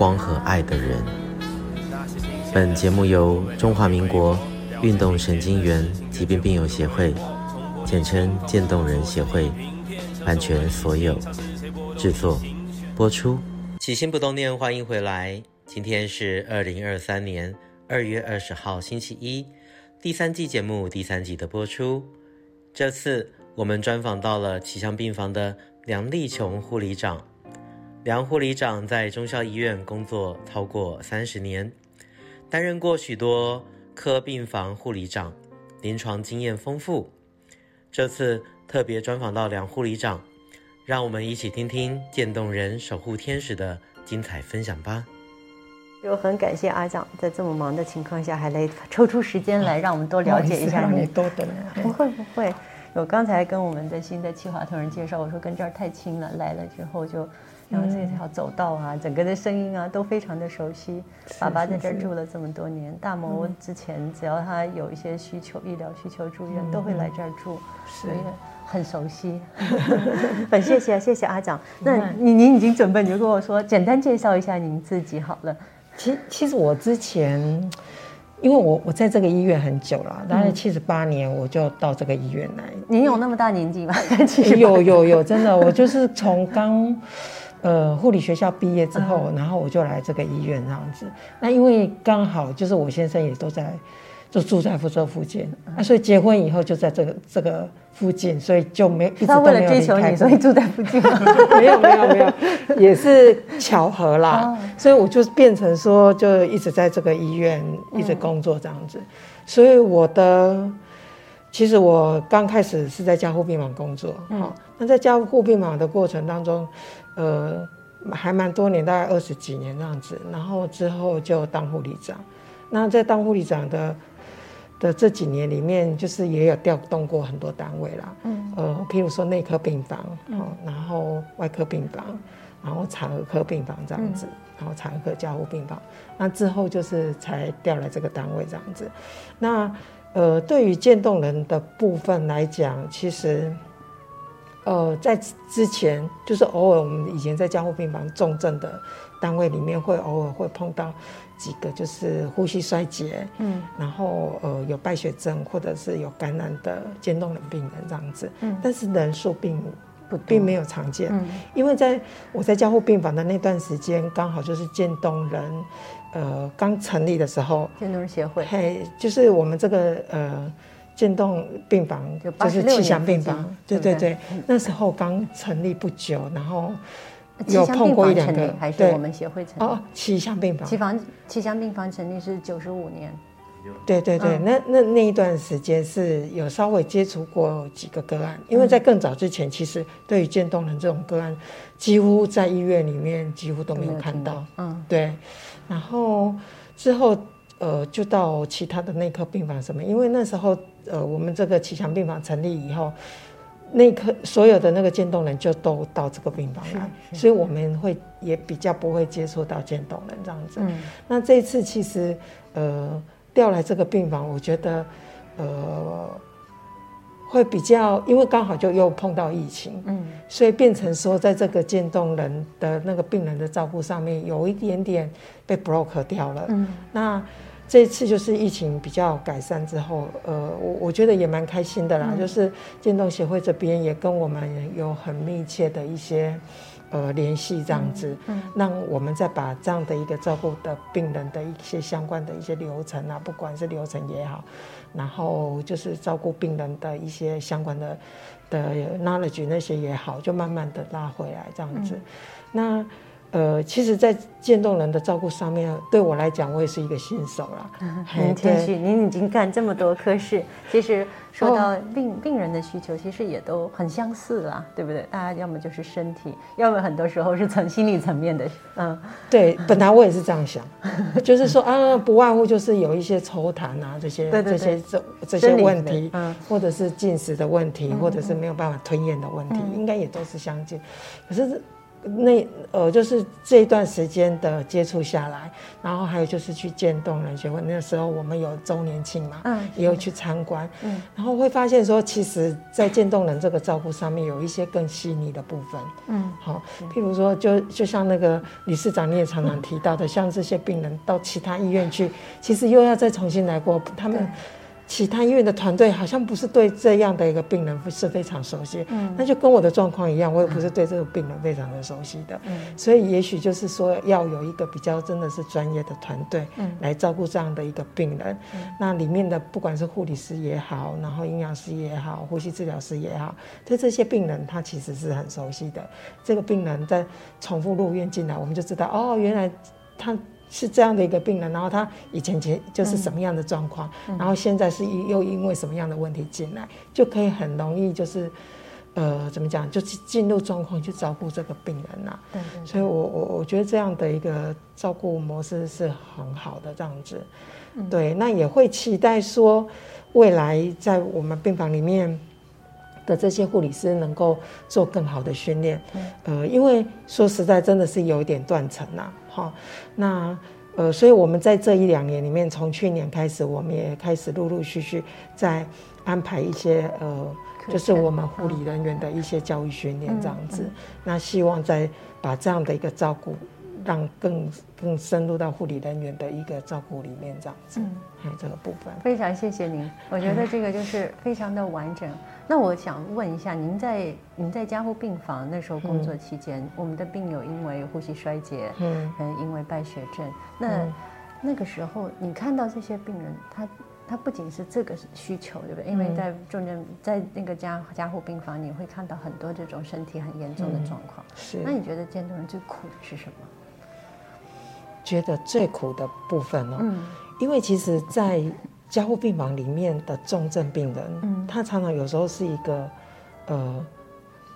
光和愛的人。本節目由中華民國運動神經元疾病病友協會，簡稱漸凍人協會，版權所有，製作、播出。起心不凍念，歡迎回來。今天是二零二三年二月二十號星期一，第三季節目第三集的播出。這次我們專訪到了祈翔病房的梁儷瓊護理長。梁護理長在忠孝醫院工作超過三十年，擔任過許多科病房護理長，臨床經驗豐富。這次特別專訪到梁護理長，讓我們一起聽聽“漸凍人守護天使”的精彩分享吧。就很感謝阿蔣在這麼忙的情況下還來，抽出時間來，讓我們多了解一下。不會不會。我剛才跟我們的新的企劃同仁介紹，我說跟這兒太親了，來了之後就。然後這條走道啊，整個的聲音啊，都非常的熟悉。爸爸在這兒住了這麼多年，大摩之前只要他有一些需求、醫療需求、住院，都會來這兒住，所以很熟悉。很謝謝謝謝阿長，那您已經準備，你就跟我說，簡單介紹一下您自己好了。其其實我之前，因為我我在這個醫院很久了，大概七十八年，我就到這個醫院來。您有那麼大年紀嗎？七有有有，真的，我就是從剛。呃，護理學校畢業之後，然後我就來這個醫院這樣子。那、啊、因為剛好就是我先生也都在，就住在福州附近，那、啊啊、所以結婚以後就在這個這個附近，所以就沒一直都沒有離開。他為了追求你，所以住在附近嗎？ 沒有沒有沒有，也是巧合啦。哦、所以我就變成說，就一直在這個醫院一直工作這樣子。嗯、所以我的。其實我剛開始是在加護病房工作，哈、嗯，那在加護病房的過程當中，呃，還蠻多年，大概二十幾年這樣子。然後之後就當護理長，那在當護理長的的這幾年裡面，就是也有調動過很多單位啦，嗯，呃，譬如說內科病房，嗯、然後外科病房，然後產兒科病房這樣子，嗯、然後產科加護病房。那之後就是才調來這個單位這樣子，那。呃，對於漸凍人的部分來講，其實，呃，在之前就是偶爾，我們以前在加護病房重症的單位裡面，會偶爾會碰到幾個就是呼吸衰竭，嗯，然後呃有敗血症或者是有感染的漸凍人病人這樣子，嗯，但是人數並。並沒有常見，嗯、因為在我在監護病房的那段時間，剛好就是漸凍人，呃，剛成立的時候，漸凍人協會，嘿，就是我們這個呃，漸凍病房，就，就是祈翔病房，對對對，嗯、那時候剛成立不久，然後有碰過兩個，成立還是我們協會成立哦，祈翔病房，祈翔祈翔病房成立是九十五年。對對對，那那那一段時間是有稍微接觸過幾個個案，因為在更早之前，其實對於漸凍人這種個案，幾乎在醫院裡面幾乎都沒有看到。嗯，對。然後之後呃，就到其他的內科病房什麼，因為那時候呃，我們這個祈翔病房成立以後，內科所有的那個漸凍人就都到這個病房來，是是，所以我們會也比較不會接觸到漸凍人這樣子。嗯，那這一次其實呃。調來這個病房，我覺得，呃，會比較，因為剛好就又碰到疫情，嗯，所以變成說，在這個漸凍人的那個病人的照顧上面，有一點點被 block 掉了。嗯，那這次就是疫情比較改善之後，呃，我我覺得也蠻開心的啦。嗯。就是漸凍協會這邊也跟我們有很密切的一些。呃，聯繫這樣子，嗯，那、嗯、我們再把這樣的一個照顧的病人的一些相關的一些流程啊，不管是流程也好，然後就是照顧病人的一些相關的的 knowledge 那些也好，就慢慢的拉回來這樣子，嗯、那。呃，其實，在漸凍人的照顧上面，對我來講，我也是一個新手了。很謙虛，您已經幹這麼多科室，其實說到病，哦、病人的需求，其實也都很相似啦，對不對？大，啊、家要麼就是身體，要麼很多時候是從心理層面的。嗯，對，本來我也是這樣想， 就是說，啊，不外乎就是有一些抽痰啊，這些對對對這些這這些問題，嗯、或者是進食的問題，嗯嗯或者是沒有辦法吞嚥的問題，嗯嗯應該也都是相近。可是。那呃，就是這一段時間的接觸下來，然後還有就是去漸凍人學會，那時候我們有周年慶嘛，嗯，也有去參觀，嗯，然後會發現說，其實，在漸凍人這個照顧上面，有一些更細膩的部分，嗯，好，譬如說就，就就像那個理事長你也常常提到的，嗯、像這些病人到其他醫院去，其實又要再重新來過，他們、嗯。其他醫院的團隊好像不是對這樣的一個病人是非常熟悉，那、嗯、就跟我的狀況一樣，我也不是對這個病人非常的熟悉的，嗯、所以也許就是說要有一個比較真的是專業的團隊來照顧這樣的一個病人。嗯、那裡面的不管是護理師也好，然後營養師也好，呼吸治療師也好，對這些病人他其實是很熟悉的。這個病人在重複入院進來，我們就知道哦，原來他。是這樣的一個病人，然後他以前前就是什麼樣的狀況，嗯嗯、然後現在是又因為什麼樣的問題進來，就可以很容易就是，呃，怎麼講，就進入狀況去照顧這個病人吶、啊。對對對所以我我我覺得這樣的一個照顧模式是很好的，這樣子，嗯、對。那也會期待說未來在我們病房裡面的這些護理師能夠做更好的訓練，對呃，因為說實在真的是有一點斷層吶、啊。好，那呃，所以我們在這一兩年裡面，從去年開始，我們也開始陸陸續續在安排一些呃，憐就是我們護理人員的一些教育訓練這樣子。嗯嗯，那希望再把這樣的一個照顧。讓更更深入到護理人員的一個照顧裡面，這樣子，嗯，這個部分非常謝謝您。我覺得這個就是非常的完整。 那我想問一下，您在您在加護病房那時候工作期間，嗯、我們的病友因為呼吸衰竭，嗯，嗯，因為敗血症，嗯、那、嗯、那個時候你看到這些病人，他他不僅是這個需求，對不對？嗯、因為在重症在那個加加護病房，你會看到很多這種身體很嚴重的狀況。嗯、是，那你覺得漸凍人最苦的是什麼？覺得最苦的部分哦，嗯、因為其實，在加護病房裡面的重症病人，嗯、他常常有時候是一個，呃，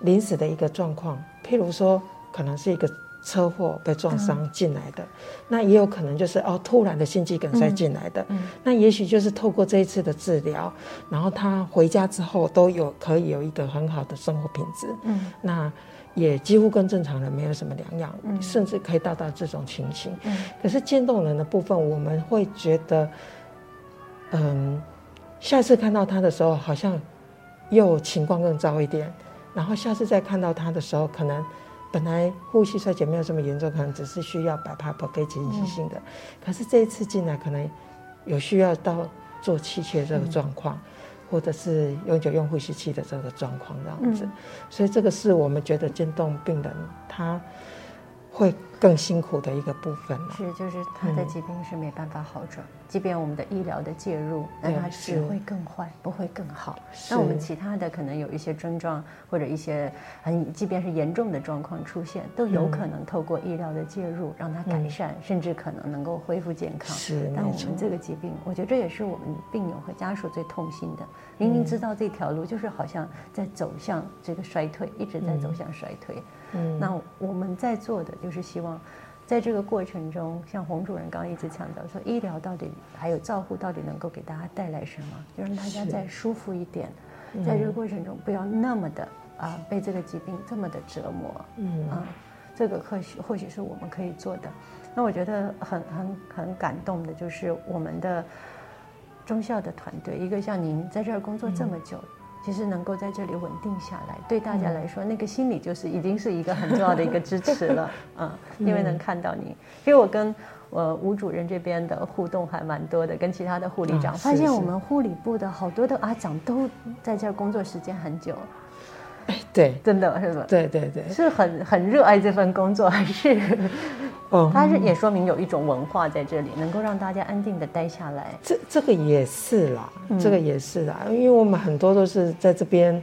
臨死的一個狀況，譬如說，可能是一個車禍被撞傷進來的，嗯、那也有可能就是哦，突然的心肌梗塞進來的，嗯嗯、那也許就是透過這一次的治療，然後他回家之後都有可以有一個很好的生活品質，嗯，那。也幾乎跟正常人沒有什麼兩樣，嗯、甚至可以達到這種情形。嗯、可是漸凍人的部分，我們會覺得，嗯，下次看到他的時候，好像又情況更糟一點。然後下次再看到他的時候，可能本來呼吸衰竭沒有這麼嚴重，可能只是需要 BiPAP 給緊急性的。嗯、可是這一次進來，可能有需要到做氣切這個狀況。嗯或者是永久用呼吸器的這個狀況這樣子，嗯、所以這個是我們覺得漸凍病人他會。更辛苦的一個部分了。是，就是他的疾病是沒辦法好轉，即便我們的醫療的介入，那他只會更壞，不會更好。那我們其他的可能有一些症狀或者一些很，即便是嚴重的狀況出現，都有可能透過醫療的介入讓他改善，甚至可能能夠恢復健康。是，沒錯。但我們這個疾病，我覺得這也是我們病友和家屬最痛心的。明明知道這條路就是好像在走向這個衰退，一直在走向衰退。嗯。那我們在做的就是希望。在這個過程中，像洪主任剛剛一直強調說，醫療到底還有照護到底能夠給大家帶來什麼？就讓大家再舒服一點，在這個過程中不要那麼的啊被這個疾病這麼的折磨。嗯啊，這個或許或許是我們可以做的。那我覺得很很很感動的就是我們的忠孝的團隊，一個像您在這兒工作這麼久。其實能夠在這裡穩定下來，對大家來說，嗯、那個心理就是已經是一個很重要的一個支持了， 嗯，因為能看到你。因為我跟呃吳主任這邊的互動還蠻多的，跟其他的護理長，啊、發現我們護理部的好多的阿長都在這兒工作時間很久，是是哎，對，真的是吧？對對對，是很很熱愛這份工作，還是？它是也說明有一種文化在這裡，能夠讓大家安定的待下來。嗯、這這個也是啦，嗯、這個也是啦，因為我們很多都是在這邊，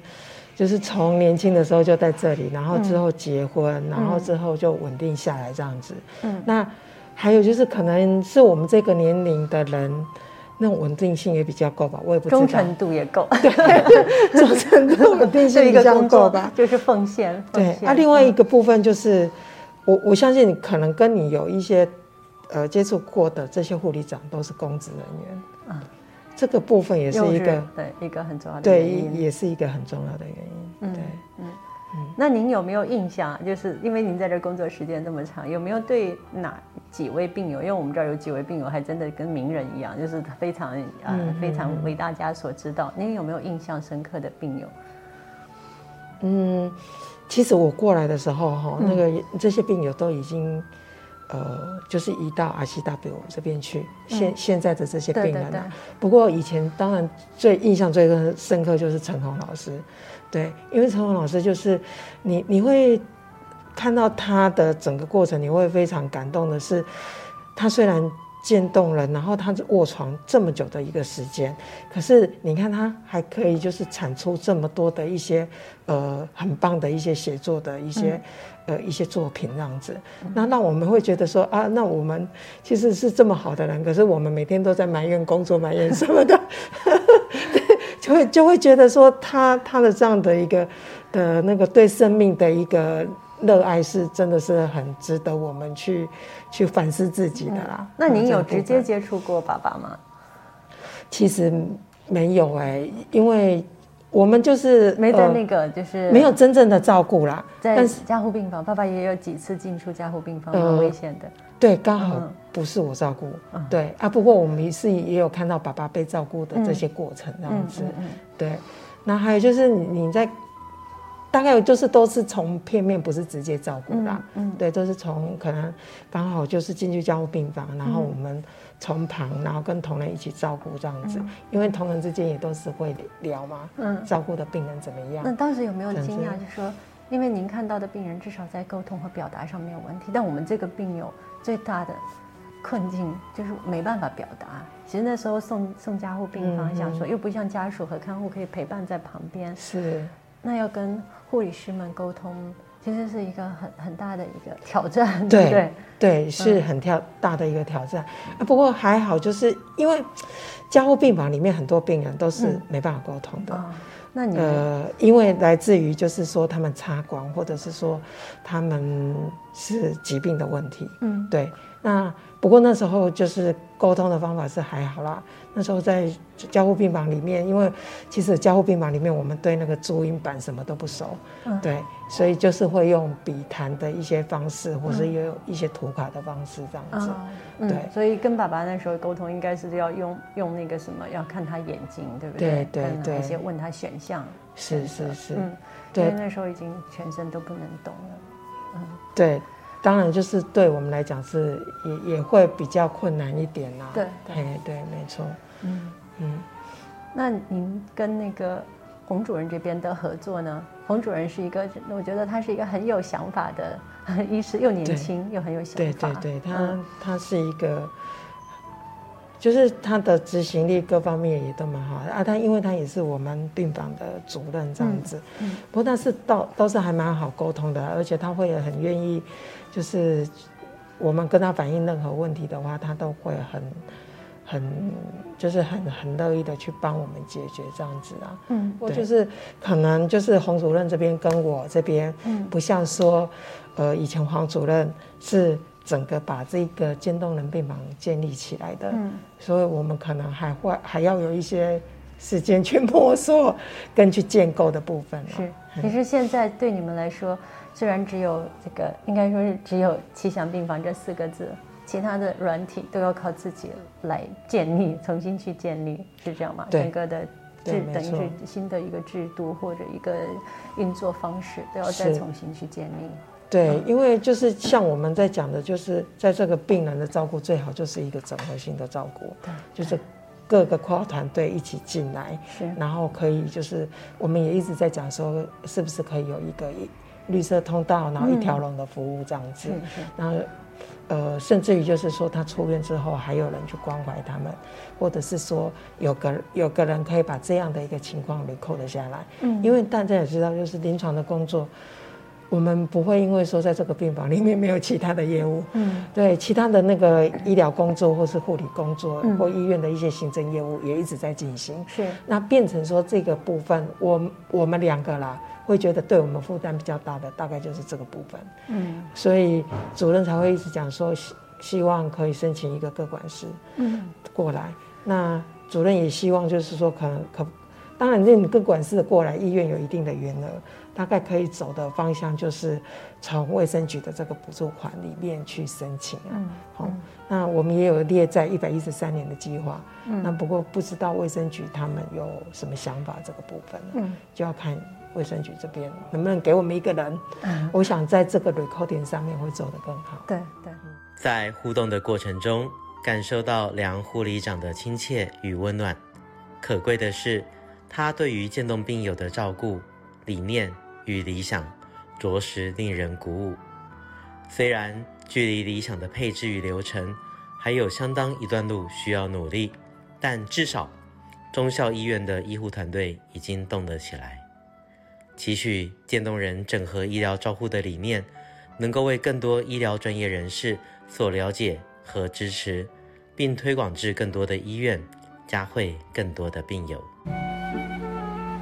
就是從年輕的時候就在這裡，然後之後結婚，嗯、然後之後就穩定下來這樣子。嗯，那還有就是可能是我們這個年齡的人，那穩定性也比較夠吧？我也不知道，忠誠度也夠，對，忠誠度穩 定性是一個工作吧？就是奉獻，奉獻對。那、啊、另外一個部分就是。嗯我我相信你可能跟你有一些，呃接觸過的這些護理長都是公職人員，嗯、啊，這個部分也是一個是對一個很重要的原因，對，也是一個很重要的原因，對，嗯，嗯，嗯，那您有沒有印象？就是因為您在這工作時間這麼長，有沒有對哪幾位病友？因為我們這兒有幾位病友還真的跟名人一樣，就是非常啊、呃、非常為大家所知道。嗯嗯、您有沒有印象深刻的病友？嗯。其實我過來的時候，哈、嗯，那個這些病友都已經，呃，就是移到 RCW 這邊去。現、嗯、現在的這些病人了、啊、不過以前當然最印象最深深刻就是陳宏老師，對，因為陳宏老師就是你你會看到他的整個過程，你會非常感動的是，他雖然。漸凍人，然後他是臥床這麼久的一個時間，可是你看他還可以就是產出這麼多的一些呃很棒的一些寫作的一些呃一些作品這樣子，嗯、那那我們會覺得說啊，那我們其實是這麼好的人，可是我們每天都在埋怨工作埋怨什麼的，就 對，會就會覺得說他他的這樣的一個的那個對生命的一個。熱愛是真的是很值得我們去去反思自己的啦。嗯、那您有直接接觸過爸爸嗎？其實沒有哎、欸，因為我們就是沒在那個，呃、就是沒有真正的照顧啦。在加護病房，是爸爸也有幾次進出加護病房，有、嗯、危險的。對，剛好不是我照顧。嗯、對啊，不過我們是也有看到爸爸被照顧的這些過程，這樣子。嗯嗯嗯嗯、對，那還有就是你在。大概就是都是從片面，不是直接照顧的、啊，嗯嗯、對，都、就是從可能剛好就是進去加護病房，嗯、然後我們從旁，然後跟同仁一起照顧這樣子。嗯、因為同仁之間也都是會聊嘛，嗯，照顧的病人怎麼樣？那當時有沒有驚訝？就是說，因為您看到的病人至少在溝通和表達上沒有問題，但我們這個病友最大的困境就是沒辦法表達。其實那時候送送加護病房，想說又不像家屬和看護可以陪伴在旁邊、嗯嗯，是。那要跟護理師們溝通，其實是一個很很大的一個挑戰。對對，對對是很挑、嗯、大的一個挑戰。不過還好，就是因為，加護病房裡面很多病人都是沒辦法溝通的。那你、嗯、呃、嗯，因為來自於就是說他們插管，或者是說他們是疾病的問題。嗯，對。那不過那時候就是溝通的方法是還好啦。那時候在加護病房裡面，因為其實加護病房裡面我們對那個注音板什麼都不熟，嗯、對，所以就是會用筆談的一些方式，或是有一些圖卡的方式這樣子。嗯、對、嗯，所以跟爸爸那時候溝通應該是要用用那個什麼，要看他眼睛，對不對？對對對，對對一些問他選項。是是對是，因為那時候已經全身都不能動了。嗯，對。當然，就是對我們來講是也也會比較困難一點呐、啊對。對，對對，沒錯。嗯嗯，嗯那您跟那個洪主任這邊的合作呢？洪主任是一個，我覺得他是一個很有想法的醫師又年輕對又很有想法。對對對，他他是一個，嗯、就是他的執行力各方面也都蠻好啊。他因為他也是我們病房的主任這樣子，嗯嗯、不過但是倒倒是還蠻好溝通的，而且他會很願意。就是我們跟他反映任何問題的話，他都會很很就是很很樂意的去幫我們解決這樣子啊。嗯對，或者就是可能就是洪主任這邊跟我這邊，嗯，不像說呃以前黃主任是整個把這個漸凍人病房建立起來的，嗯，所以我們可能還會還要有一些。時間去摸索，跟去建構的部分啊。是，其實現在對你們來說，雖然只有這個，應該說是只有“祈翔病房”這四個字，其他的軟體都要靠自己來建立，重新去建立，是這樣嗎？對整個的制等於是新的一個制度或者一個運作方式，都要再重新去建立。對，嗯、因為就是像我們在講的，就是在這個病人的照顧最好就是一個整合性的照顧，對就是。各個跨團隊一起進來，是然後可以就是我們也一直在講說，是不是可以有一個綠色通道，然後一條龍的服務這樣子，嗯、然後呃，甚至於就是說他出院之後還有人去關懷他們，或者是說有個有個人可以把這樣的一個情況 record 下來，嗯、因為大家也知道就是臨床的工作，我們不會因為說在這個病房裡面沒有其他的業務，嗯，對其他的那個醫療工作或是護理工作，或醫院的一些行政業務也一直在進行，是、嗯。那變成說這個部分，我我們兩個啦，會覺得對我們負擔比較大的，大概就是這個部分，嗯。所以主任才會一直講說，希希望可以申請一個個管師，嗯，過來。嗯、那主任也希望就是說，可能可，當然這個管師的過來，醫院有一定的員額大概可以走的方向就是從衛生局的這個補助款裡面去申請啊。好、嗯嗯嗯，那我們也有列在一百一十三年的計劃。嗯。那不過不知道衛生局他們有什麼想法這個部分呢、啊？嗯、就要看衛生局這邊能不能給我們一個人。嗯。我想在這個 recording 上面會走得更好。對對。對，在互動的過程中，感受到梁護理長的親切與溫暖。可貴的是，他對於漸凍病友的照顧理念。與理想，着實令人鼓舞。雖然距離理想的配置與流程，還有相當一段路需要努力，但至少，忠孝醫院的醫護團隊已經動得起來。期許漸凍人整合醫療照護的理念，能夠為更多醫療專業人士所了解和支持，並推廣至更多的醫院，嘉惠更多的病友。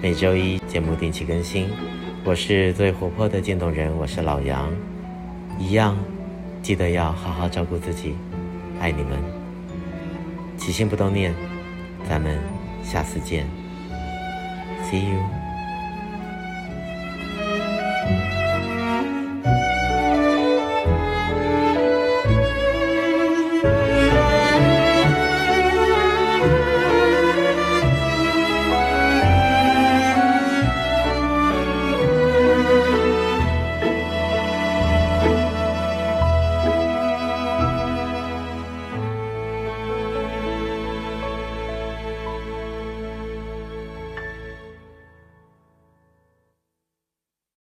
每週一節目定期更新，我是最活潑的漸凍人，我是老楊，一樣，記得要好好照顧自己，愛你們，起心不凍念，咱們下次見，See you。